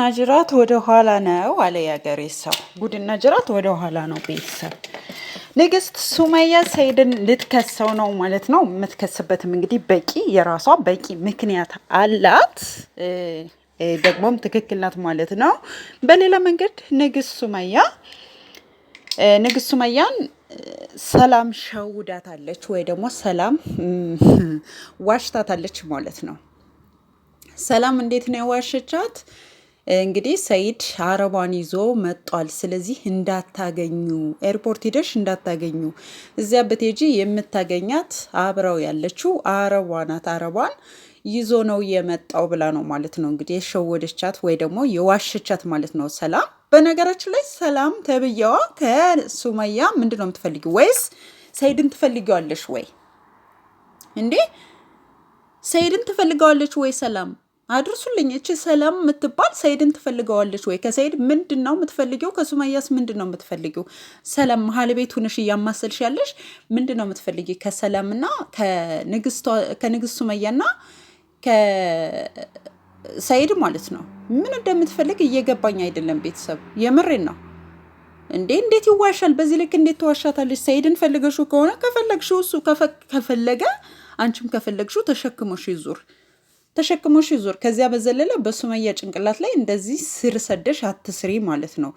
ጉድና ጅራት ወደ ኋላ ነው አለ የአገሬ ሰው። ጉድና ጅራት ወደ ኋላ ነው። ቤተሰብ ንግስት ሱመያ ሰይድን ልትከሰው ነው ማለት ነው። የምትከስበትም እንግዲህ በቂ የራሷ በቂ ምክንያት አላት፣ ደግሞም ትክክል ናት ማለት ነው። በሌላ መንገድ ንግስት ሱመያ ንግስት ሱመያን ሰላም ሸውዳታለች ወይ ደግሞ ሰላም ዋሽታታለች ማለት ነው። ሰላም እንዴት ነው የዋሸቻት? እንግዲህ ሰይድ አረቧን ይዞ መጧል። ስለዚህ እንዳታገኙ ኤርፖርት ሂደሽ እንዳታገኙ፣ እዚያ ብትሄጂ የምታገኛት አብረው ያለችው አረቧ ናት። አረቧን ይዞ ነው የመጣው ብላ ነው ማለት ነው እንግዲህ የሸወደቻት ወይ ደግሞ የዋሸቻት ማለት ነው ሰላም። በነገራችን ላይ ሰላም ተብያዋ ከሱመያ ምንድን ነው የምትፈልጊው? ወይስ ሰይድን ትፈልጊዋለሽ ወይ እንዴ? ሰይድን ትፈልገዋለች ወይ ሰላም? አድርሱልኝ። እቺ ሰላም የምትባል ሰይድን ትፈልገዋለች ወይ? ከሰይድ ምንድን ነው የምትፈልጊው? ከሱመያስ ምንድን ነው የምትፈልጊው? ሰላም መሀል ቤት ሁንሽ እያማሰልሽ ያለሽ ምንድን ነው የምትፈልጊ? ከሰላምና ከንግስት ሱመያና ከሰይድ ማለት ነው። ምን እንደምትፈልግ እየገባኝ አይደለም። ቤተሰብ የምሬን ነው እንዴ እንዴት ይዋሻል? በዚህ ልክ እንዴት ትዋሻታለች ሰይድን ፈልገሹ ከሆነ ከፈለግሹ እሱ ከፈለገ አንቺም ከፈለግሹ ተሸክሞሽ ይዙር። ተሸክሞሽ ይዞር። ከዚያ በዘለለ በሱመያ ጭንቅላት ላይ እንደዚህ ስር ሰደሽ አትስሪ ማለት ነው።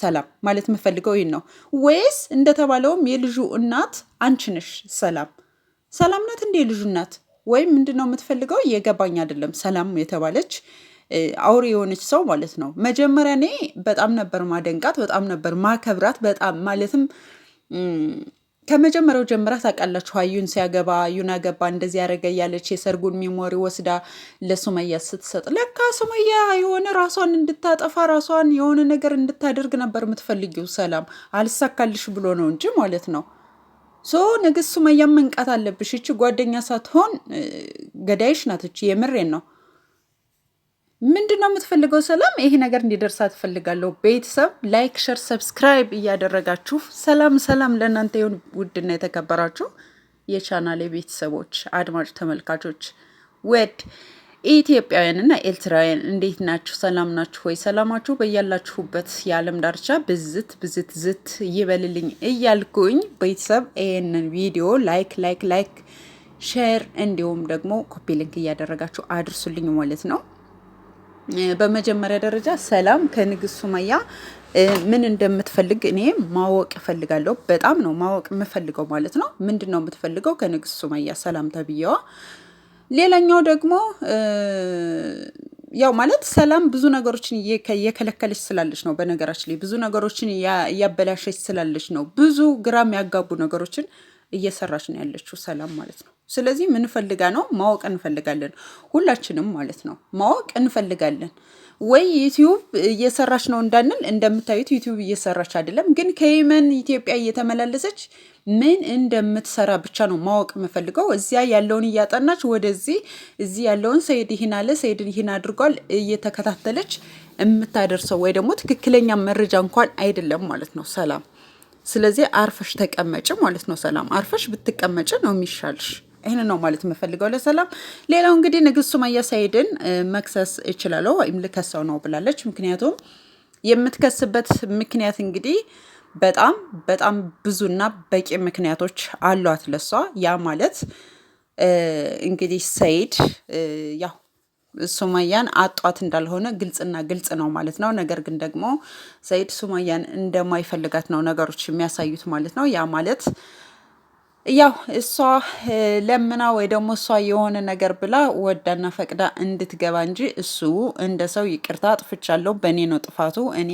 ሰላም ማለት የምፈልገው ይህን ነው። ወይስ እንደተባለውም የልጁ እናት አንቺ ነሽ? ሰላም ሰላም ናት እንደ የልጁ እናት ወይም ምንድነው የምትፈልገው? የገባኝ አይደለም። ሰላም የተባለች አውሬ የሆነች ሰው ማለት ነው። መጀመሪያ እኔ በጣም ነበር ማደንቃት፣ በጣም ነበር ማከብራት፣ በጣም ማለትም ከመጀመሪያው ጀምራ ታውቃላችሁ። ሀዩን ሲያገባ ዩን አገባ እንደዚህ ያደረገ እያለች የሰርጉን ሚሞሪ ወስዳ ለሱመያ ስትሰጥ ለካ ሱመያ የሆነ ራሷን እንድታጠፋ ራሷን የሆነ ነገር እንድታደርግ ነበር የምትፈልጊው። ሰላም አልሳካልሽ ብሎ ነው እንጂ ማለት ነው። ሶ ንግስት ሱመያ መንቃት አለብሽ። እቺ ጓደኛ ሳትሆን ገዳይሽ ናትች። የምሬን ነው። ምንድን ነው የምትፈልገው? ሰላም ይሄ ነገር እንዲደርሳ ትፈልጋለሁ ቤተሰብ ላይክ፣ ሸር፣ ሰብስክራይብ እያደረጋችሁ ሰላም ሰላም ለእናንተ ይሁን። ውድና የተከበራችሁ የቻናሌ ቤተሰቦች፣ አድማጭ ተመልካቾች፣ ወድ ኢትዮጵያውያንና ኤርትራውያን እንዴት ናችሁ? ሰላም ናችሁ ወይ? ሰላማችሁ በያላችሁበት የዓለም ዳርቻ ብዝት ብዝት ዝት ይበልልኝ እያልኩኝ ቤተሰብ ይህንን ቪዲዮ ላይክ ላይክ ላይክ ሼር እንዲሁም ደግሞ ኮፒ ሊንክ እያደረጋችሁ አድርሱልኝ ማለት ነው። በመጀመሪያ ደረጃ ሰላም ከንግስት ሱመያ ምን እንደምትፈልግ እኔ ማወቅ እፈልጋለሁ። በጣም ነው ማወቅ የምፈልገው ማለት ነው። ምንድን ነው የምትፈልገው ከንግስት ሱመያ ሰላም ተብዬዋ? ሌላኛው ደግሞ ያው ማለት ሰላም ብዙ ነገሮችን እየከለከለች ስላለች ነው። በነገራችን ላይ ብዙ ነገሮችን እያበላሸች ስላለች ነው። ብዙ ግራም ያጋቡ ነገሮችን እየሰራች ነው ያለችው ሰላም ማለት ነው። ስለዚህ ምን ፈልጋ ነው ማወቅ እንፈልጋለን፣ ሁላችንም ማለት ነው ማወቅ እንፈልጋለን። ወይ ዩቲዩብ እየሰራች ነው እንዳንል፣ እንደምታዩት ዩቲዩብ እየሰራች አይደለም፣ ግን ከየመን ኢትዮጵያ እየተመላለሰች ምን እንደምትሰራ ብቻ ነው ማወቅ የምፈልገው። እዚያ ያለውን እያጠናች ወደዚህ እዚህ ያለውን ሰይድ ይህን አለ ሰይድ ይህን አድርጓል እየተከታተለች የምታደርሰው ወይ ደግሞ ትክክለኛ መረጃ እንኳን አይደለም ማለት ነው። ሰላም፣ ስለዚህ አርፈሽ ተቀመጭ ማለት ነው። ሰላም፣ አርፈሽ ብትቀመጭ ነው የሚሻልሽ። ይህን ነው ማለት የምፈልገው ለሰላም። ሌላው እንግዲህ ንግስት ሱመያ ሰኢድን መክሰስ እችላለሁ ወይም ልከሰው ነው ብላለች። ምክንያቱም የምትከስበት ምክንያት እንግዲህ በጣም በጣም ብዙና በቂ ምክንያቶች አሏት ለሷ። ያ ማለት እንግዲህ ሰኢድ ያው ሱመያን አጧት እንዳልሆነ ግልጽና ግልጽ ነው ማለት ነው። ነገር ግን ደግሞ ሰኢድ ሱመያን እንደማይፈልጋት ነው ነገሮች የሚያሳዩት ማለት ነው። ያ ማለት ያው እሷ ለምና ወይ ደግሞ እሷ የሆነ ነገር ብላ ወዳና ፈቅዳ እንድትገባ እንጂ እሱ እንደ ሰው ይቅርታ አጥፍቻለሁ፣ በእኔ ነው ጥፋቱ። እኔ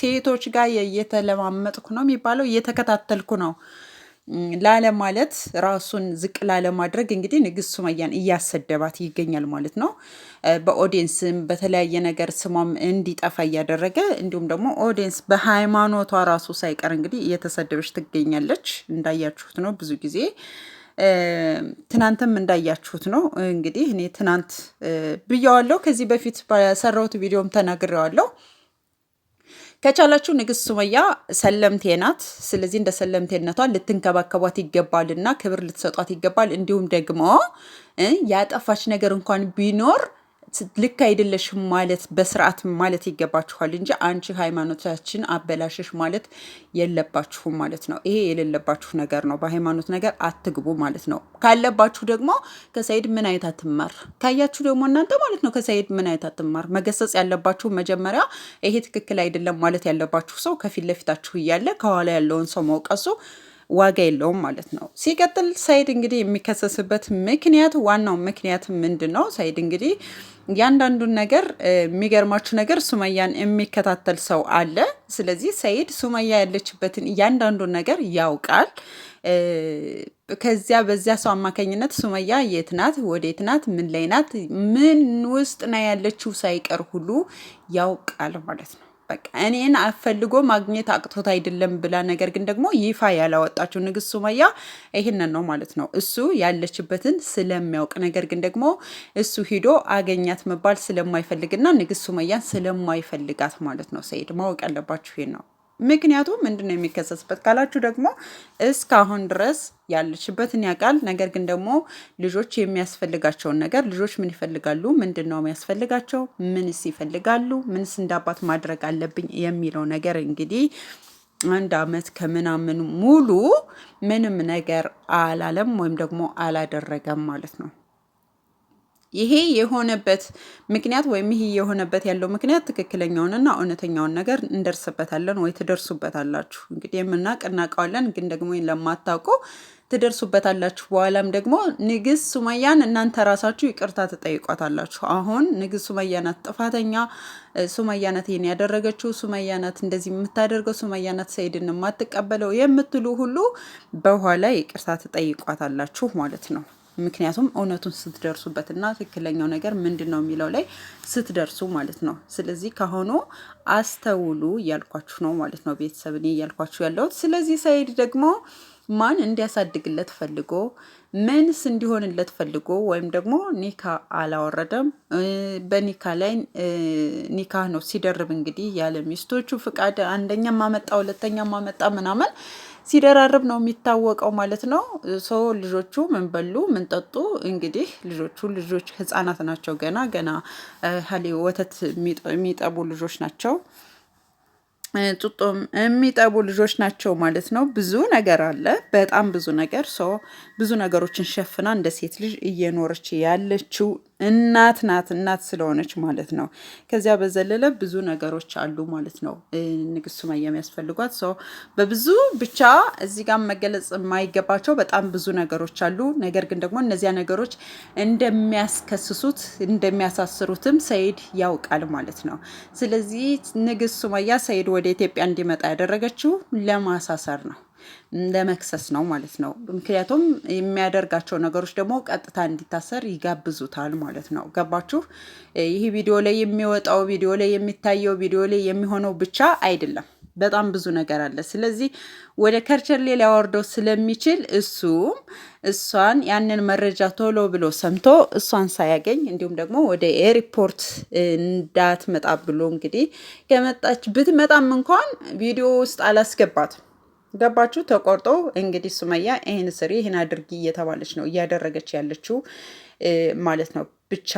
ሴቶች ጋር እየተለማመጥኩ ነው የሚባለው እየተከታተልኩ ነው ላለማለት ራሱን ዝቅ ላለማድረግ እንግዲህ ንግስት ሱመያን እያሰደባት ይገኛል ማለት ነው። በኦዲየንስም በተለያየ ነገር ስሟም እንዲጠፋ እያደረገ እንዲሁም ደግሞ ኦዲየንስ በሃይማኖቷ ራሱ ሳይቀር እንግዲህ እየተሰደበች ትገኛለች። እንዳያችሁት ነው ብዙ ጊዜ ትናንትም እንዳያችሁት ነው እንግዲህ እኔ ትናንት ብያዋለሁ። ከዚህ በፊት በሰራሁት ቪዲዮም ተናግሬዋለሁ። ከቻላችሁ ንግስት ሱመያ ሰለምቴ ናት። ስለዚህ እንደ ሰለምቴነቷ ልትንከባከቧት ይገባል እና ክብር ልትሰጧት ይገባል። እንዲሁም ደግሞ ያጠፋች ነገር እንኳን ቢኖር ልክ አይደለሽም ማለት በስርዓት ማለት ይገባችኋል እንጂ አንቺ ሃይማኖታችን አበላሽሽ ማለት የለባችሁም ማለት ነው። ይሄ የሌለባችሁ ነገር ነው። በሃይማኖት ነገር አትግቡ ማለት ነው። ካለባችሁ ደግሞ ከሰይድ ምን አይነት አትማር ካያችሁ ደግሞ እናንተ ማለት ነው ከሰይድ ምን አይነት አትማር መገሰጽ ያለባችሁ መጀመሪያ ይሄ ትክክል አይደለም ማለት ያለባችሁ ሰው ከፊት ለፊታችሁ እያለ ከኋላ ያለውን ሰው መውቀሱ ዋጋ የለውም ማለት ነው። ሲቀጥል ሳይድ እንግዲህ የሚከሰስበት ምክንያት ዋናው ምክንያት ምንድን ነው? ሰኢድ እንግዲህ እያንዳንዱን ነገር የሚገርማችሁ ነገር ሱመያን የሚከታተል ሰው አለ። ስለዚህ ሰይድ ሱመያ ያለችበትን እያንዳንዱን ነገር ያውቃል። ከዚያ በዚያ ሰው አማካኝነት ሱመያ የት ናት፣ ወዴት ናት፣ ምን ላይ ናት፣ ምን ውስጥ ና ያለችው ሳይቀር ሁሉ ያውቃል ማለት ነው። በቃ እኔን አፈልጎ ማግኘት አቅቶት አይደለም ብላ ነገር ግን ደግሞ ይፋ ያላወጣችው ንግስት ሱመያ ይህንን ነው ማለት ነው። እሱ ያለችበትን ስለሚያውቅ ነገር ግን ደግሞ እሱ ሂዶ አገኛት መባል ስለማይፈልግና ንግስት ሱመያን ስለማይፈልጋት ማለት ነው። ሰይድ ማወቅ ያለባችሁ ይህን ነው። ምክንያቱም ምንድን ነው የሚከሰስበት ካላችሁ ደግሞ እስካሁን ድረስ ያለችበትን ያውቃል። ነገር ግን ደግሞ ልጆች የሚያስፈልጋቸውን ነገር ልጆች ምን ይፈልጋሉ፣ ምንድን ነው የሚያስፈልጋቸው፣ ምንስ ይፈልጋሉ፣ ምንስ እንዳባት ማድረግ አለብኝ የሚለው ነገር እንግዲህ አንድ አመት ከምናምን ሙሉ ምንም ነገር አላለም ወይም ደግሞ አላደረገም ማለት ነው። ይሄ የሆነበት ምክንያት ወይም ይሄ የሆነበት ያለው ምክንያት ትክክለኛውንና እውነተኛውን ነገር እንደርስበታለን ወይ ትደርሱበታላችሁ። እንግዲህ የምናቅ እናውቀዋለን፣ ግን ደግሞ ለማታውቁ ትደርሱበታላችሁ። በኋላም ደግሞ ንግስት ሱመያን እናንተ ራሳችሁ ይቅርታ ትጠይቋታላችሁ። አሁን ንግስት ሱመያናት ጥፋተኛ፣ ሱመያናት ይህን ያደረገችው፣ ሱመያናት እንደዚህ የምታደርገው፣ ሱመያናት ሰኢድን የማትቀበለው የምትሉ ሁሉ በኋላ ይቅርታ ትጠይቋታላችሁ ማለት ነው። ምክንያቱም እውነቱን ስትደርሱበትና ትክክለኛው ነገር ምንድን ነው የሚለው ላይ ስትደርሱ ማለት ነው። ስለዚህ ከሆኑ አስተውሉ እያልኳችሁ ነው ማለት ነው ቤተሰብ እኔ እያልኳችሁ ያለሁት። ስለዚህ ሰኢድ ደግሞ ማን እንዲያሳድግለት ፈልጎ ምንስ እንዲሆንለት ፈልጎ ወይም ደግሞ ኒካ አላወረደም። በኒካ ላይ ኒካ ነው ሲደርብ እንግዲህ ያለ ሚስቶቹ ፍቃድ አንደኛ ማመጣ ሁለተኛ ማመጣ ምናምን ሲደራርብ ነው የሚታወቀው ማለት ነው። ሰው ልጆቹ ምን በሉ ምን ጠጡ? እንግዲህ ልጆቹ ልጆች ህጻናት ናቸው። ገና ገና ሀሌ ወተት የሚጠቡ ልጆች ናቸው። ጡጦም የሚጠቡ ልጆች ናቸው ማለት ነው። ብዙ ነገር አለ፣ በጣም ብዙ ነገር ሰው ብዙ ነገሮችን ሸፍና እንደ ሴት ልጅ እየኖረች ያለችው እናት ናት። እናት ስለሆነች ማለት ነው። ከዚያ በዘለለ ብዙ ነገሮች አሉ ማለት ነው። ንግስት ሱመያ የሚያስፈልጓት ሰው በብዙ ብቻ እዚህ ጋር መገለጽ የማይገባቸው በጣም ብዙ ነገሮች አሉ። ነገር ግን ደግሞ እነዚያ ነገሮች እንደሚያስከስሱት እንደሚያሳስሩትም ሰይድ ያውቃል ማለት ነው። ስለዚህ ንግስት ሱመያ ሰይድ ወደ ኢትዮጵያ እንዲመጣ ያደረገችው ለማሳሰር ነው። ለመክሰስ ነው ማለት ነው። ምክንያቱም የሚያደርጋቸው ነገሮች ደግሞ ቀጥታ እንዲታሰር ይጋብዙታል ማለት ነው። ገባችሁ? ይህ ቪዲዮ ላይ የሚወጣው ቪዲዮ ላይ የሚታየው ቪዲዮ ላይ የሚሆነው ብቻ አይደለም። በጣም ብዙ ነገር አለ። ስለዚህ ወደ ከርቸሌ ሊያወርደው ስለሚችል እሱም እሷን ያንን መረጃ ቶሎ ብሎ ሰምቶ እሷን ሳያገኝ እንዲሁም ደግሞ ወደ ኤርፖርት እንዳትመጣ ብሎ እንግዲህ ከመጣች ብትመጣም እንኳን ቪዲዮ ውስጥ አላስገባትም። ገባችሁ? ተቆርጦ እንግዲህ ሱመያ ይህን ስሪ ይህን አድርጊ እየተባለች ነው እያደረገች ያለችው ማለት ነው። ብቻ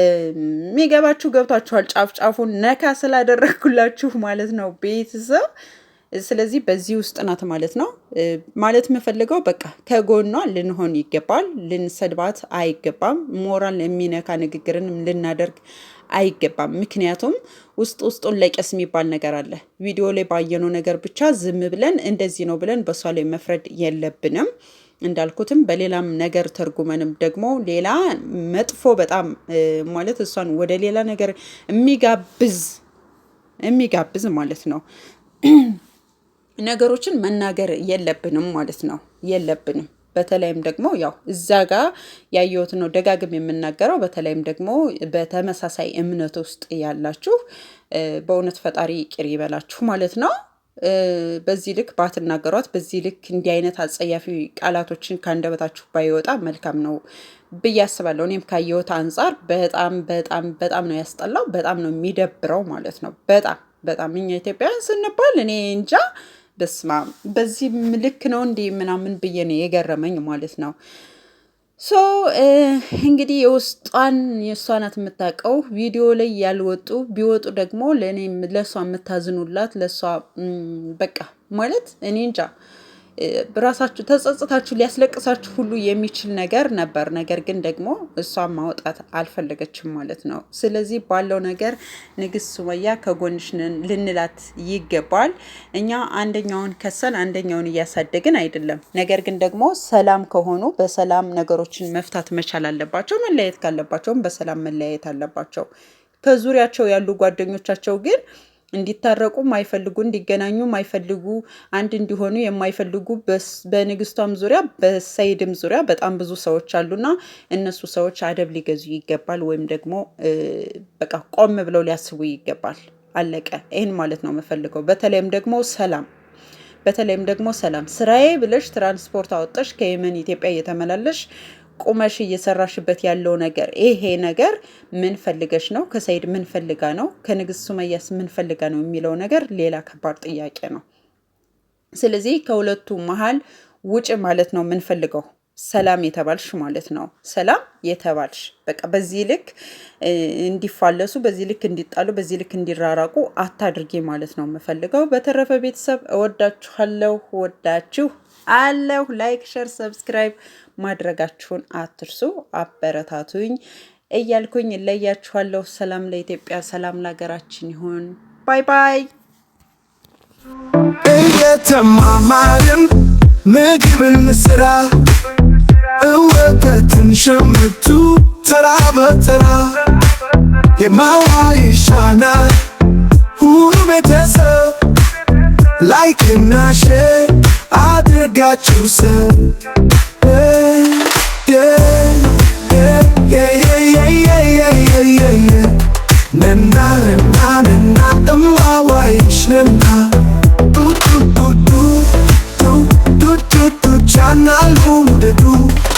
የሚገባችሁ ገብታችኋል። ጫፍ ጫፉን ነካ ስላደረግኩላችሁ ማለት ነው ቤተሰብ ስለዚህ በዚህ ውስጥ ናት ማለት ነው። ማለት የምፈልገው በቃ ከጎኗ ልንሆን ይገባል። ልንሰድባት አይገባም። ሞራል የሚነካ ንግግርንም ልናደርግ አይገባም። ምክንያቱም ውስጥ ውስጡን ለቄስ የሚባል ነገር አለ። ቪዲዮ ላይ ባየነው ነገር ብቻ ዝም ብለን እንደዚህ ነው ብለን በሷ ላይ መፍረድ የለብንም። እንዳልኩትም በሌላም ነገር ተርጉመንም ደግሞ ሌላ መጥፎ በጣም ማለት እሷን ወደ ሌላ ነገር የሚጋብዝ የሚጋብዝ ማለት ነው ነገሮችን መናገር የለብንም ማለት ነው የለብንም። በተለይም ደግሞ ያው እዛ ጋር ያየሁት ነው ደጋግም የምናገረው። በተለይም ደግሞ በተመሳሳይ እምነት ውስጥ ያላችሁ በእውነት ፈጣሪ ቅር ይበላችሁ ማለት ነው። በዚህ ልክ ባትናገሯት፣ በዚህ ልክ እንዲህ አይነት አጸያፊ ቃላቶችን ከአንደበታችሁ ባይወጣ መልካም ነው ብዬ አስባለሁ። እኔም ካየሁት አንጻር በጣም በጣም በጣም ነው ያስጠላው፣ በጣም ነው የሚደብረው ማለት ነው። በጣም በጣም እኛ ኢትዮጵያውያን ስንባል እኔ እንጃ በስማ በዚህ ልክ ነው እንዲህ ምናምን ብዬ ነው የገረመኝ ማለት ነው። ሶ እንግዲህ የውስጧን የእሷ ናት የምታውቀው። ቪዲዮ ላይ ያልወጡ ቢወጡ ደግሞ ለእኔ ለእሷ የምታዝኑላት ለእሷ በቃ ማለት እኔ እንጃ ራሳችሁ ተጸጽታችሁ ሊያስለቅሳችሁ ሁሉ የሚችል ነገር ነበር። ነገር ግን ደግሞ እሷን ማውጣት አልፈለገችም ማለት ነው። ስለዚህ ባለው ነገር ንግስት ሱመያ ከጎንሽ ልንላት ይገባል። እኛ አንደኛውን ከሰን አንደኛውን እያሳደግን አይደለም። ነገር ግን ደግሞ ሰላም ከሆኑ በሰላም ነገሮችን መፍታት መቻል አለባቸው። መለያየት ካለባቸውም በሰላም መለያየት አለባቸው። ከዙሪያቸው ያሉ ጓደኞቻቸው ግን እንዲታረቁ ማይፈልጉ እንዲገናኙ ማይፈልጉ አንድ እንዲሆኑ የማይፈልጉ በንግስቷም ዙሪያ በሰይድም ዙሪያ በጣም ብዙ ሰዎች አሉና እነሱ ሰዎች አደብ ሊገዙ ይገባል፣ ወይም ደግሞ በቃ ቆም ብለው ሊያስቡ ይገባል። አለቀ። ይህን ማለት ነው የምፈልገው። በተለይም ደግሞ ሰላም በተለይም ደግሞ ሰላም ስራዬ ብለሽ ትራንስፖርት አወጣሽ ከየመን ኢትዮጵያ እየተመላለሽ ቁመሽ እየሰራሽበት ያለው ነገር ይሄ ነገር ምን ፈልገሽ ነው? ከሰይድ ምን ፈልጋ ነው? ከንግስት ሱመያስ ምን ፈልጋ ነው የሚለው ነገር ሌላ ከባድ ጥያቄ ነው። ስለዚህ ከሁለቱ መሀል ውጭ ማለት ነው ምንፈልገው ሰላም የተባልሽ ማለት ነው። ሰላም የተባልሽ በቃ በዚህ ልክ እንዲፋለሱ፣ በዚህ ልክ እንዲጣሉ፣ በዚህ ልክ እንዲራራቁ አታድርጌ ማለት ነው የምፈልገው። በተረፈ ቤተሰብ እወዳችኋለሁ፣ ወዳችሁ አለሁ። ላይክ፣ ሸር፣ ሰብስክራይብ ማድረጋችሁን አትርሱ። አበረታቱኝ እያልኩኝ እለያችኋለሁ። ሰላም ለኢትዮጵያ፣ ሰላም ለሀገራችን ይሁን። ባይ ባይ። እየተማማርን ምግብን ስራ እወተትን ሸምቱ ተራ በተራ የማዋ ይሻናል ሁሉ ቤተሰብ ላይክና ሼር አድርጋችሁ ሰብ Channel home the do